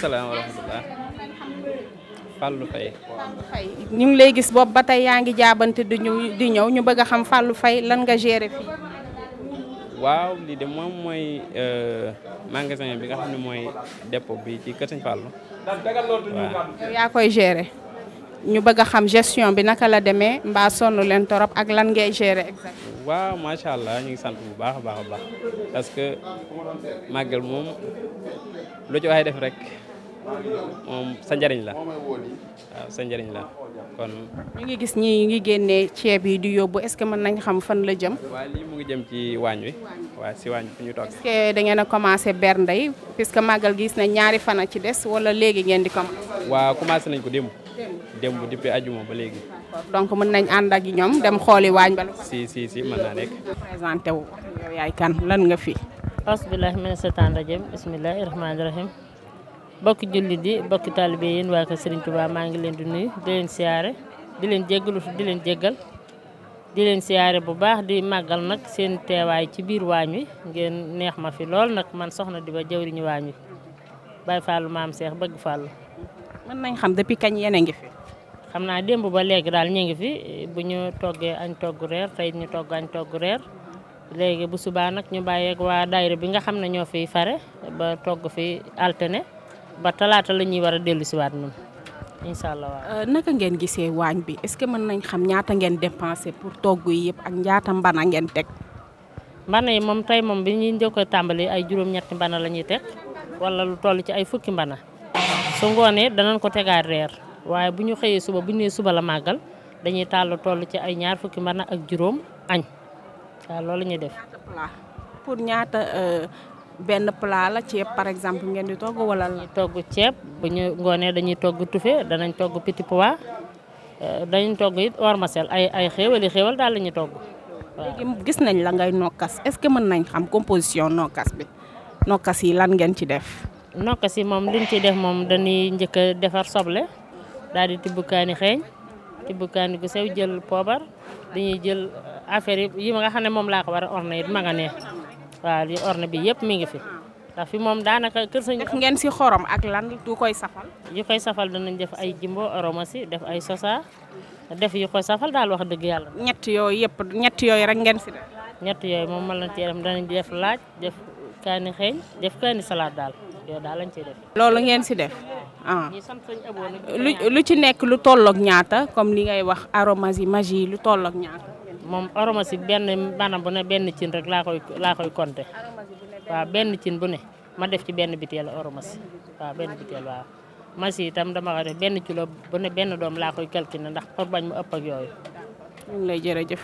salaam wa rahmatulah. Fallou Faye. Fallou Faye ñu ngi lay gis boobu ba tey yaa ngi jaabante di ñëw di ñëw ñu bëgg a xam Fallou Faye lan nga géré fii. waaw lii de moom mooy euh, magasin bi nga xam ne mooy dépôt bi ci Kër Sëñ Fallou. waaw géré. ñu bëgg xam gestion bi naka la demee mbaa sonn leen torop ak lan ngay gérer exactement. waaw macha allah ñu ngi sant bu baax a baax baax parce que màggal moom lu ci def rek. moom sa njëriñ la waaw sa njëriñ la kon. ñu ngi gis ñi ngi génne ceeb yi di yóbbu est-ce que mën nañ xam fan la jëm. waaw lii mu ngi jëm ci waañ wi waaw si waañ fu ñu toog. est-ce que da ngeen a commencé bernde yi puisque màggal gis na ñaari fan a ci des wala léegi ngeen di commencé. waaw commencé nañ ko démb. démb depuis ajuma ba léegi. donc mën nañ ànd ak ñoom dem xooli waañ ba. si si si mën naa nekk. wu yow yaay lan nga fi. asbillahi mina seytaan rajim bismillahi rahmaani rahim bokki jullit yi bokki taalibe yéen waa ko Serigne Touba maa ngi leen di nuyu di leen siyaare di leen jéggalu di leen jéggal di leen siyaare bu baax di màggal nag seen teewaay ci biir waañ wi ngeen neex ma fi lool nag man soxna di ba jëwriñu waañ wi Baye Fallou maam Cheikh bëgg Fallou. mën nañ xam depuis kañ yéen a ngi fi. xam naa démb ba léegi daal ñu ngi fi bu ñu toggee añ togg reer tey ñu togg añ togg reer léegi bu subaa nag ñu bàyyeeg waa daayira bi nga xam ne ñoo fiy fare ba togg fi altine ba talaata la ñuy war a dellu si waat ñun incha allah waaw. Euh, naka ngeen gisee waañ bi est-ce que mën nañ xam ñaata ngeen dépensé pour togg yi yëpp ak ñaata mbana ngeen teg. mbana yi moom tey moom bi ñuy njëkkoon tàmbali ay juróom-ñetti mbana la ñuy teg wala lu toll ci ay fukki mbana su ngoonee danañ ko tegaat reer waaye bu ñu xëyee suba bu ñu nee suba la màggal dañuy tàll toll ci ay ñaar fukki mbana ak juróom añ waaw loolu ñu ñuy def. pour ñaata euh, benn plat la ceeb par exemple ngeen di togg walla la. togg ceeb bu ñu ngoonee dañuy togg tufe danañ togg piti pois euh, dañ togg it warmasel ay ay xéewali xéewal daal la togg. léegi gis nañ la ngay nokkas est-ce que mën nañ xam composition nokkas bi nokkas yi lan ngeen ci def. nokkas yi moom dañ ci def moom dañuy njëkk a defar soble daal di tibb kaani xeeñ tibb kaani gu sew jël poobar dañuy jël affaire yi yi nga xam ne moom laa ko war a orné it waaw li orne bi yëpp mi ngi fi ndax fi moom daanaka kër sëñ def ngeen si xorom ak lan du koy safal yu koy safal danañ def ay jimbo oroma si def ay sosa def yu koy safal daal wax dëgg yàlla ñett yooyu yëpp ñett yooyu rek ngeen si def ñett yooyu moom mën nañ ci def danañ def laaj def kaani xeeñ def kaani salaat daal daal lañ ciy def loolu ngeen si def ah lu lu ci nekk lu tollook ñaata comme li ngay wax aromas yi magie lu tolloog ñaata moom aromasique benn maanaam bu ne benn cin rek laa koy laa koy compter waaw benn cin bu ne ma def ci benn butéel aromasique waaw benn butéel waaw. masi itam dama koy def benn kilo bu ne benn doom laa koy calculer ndax pour bañ mu ëpp ak yooyu. ñu ngi lay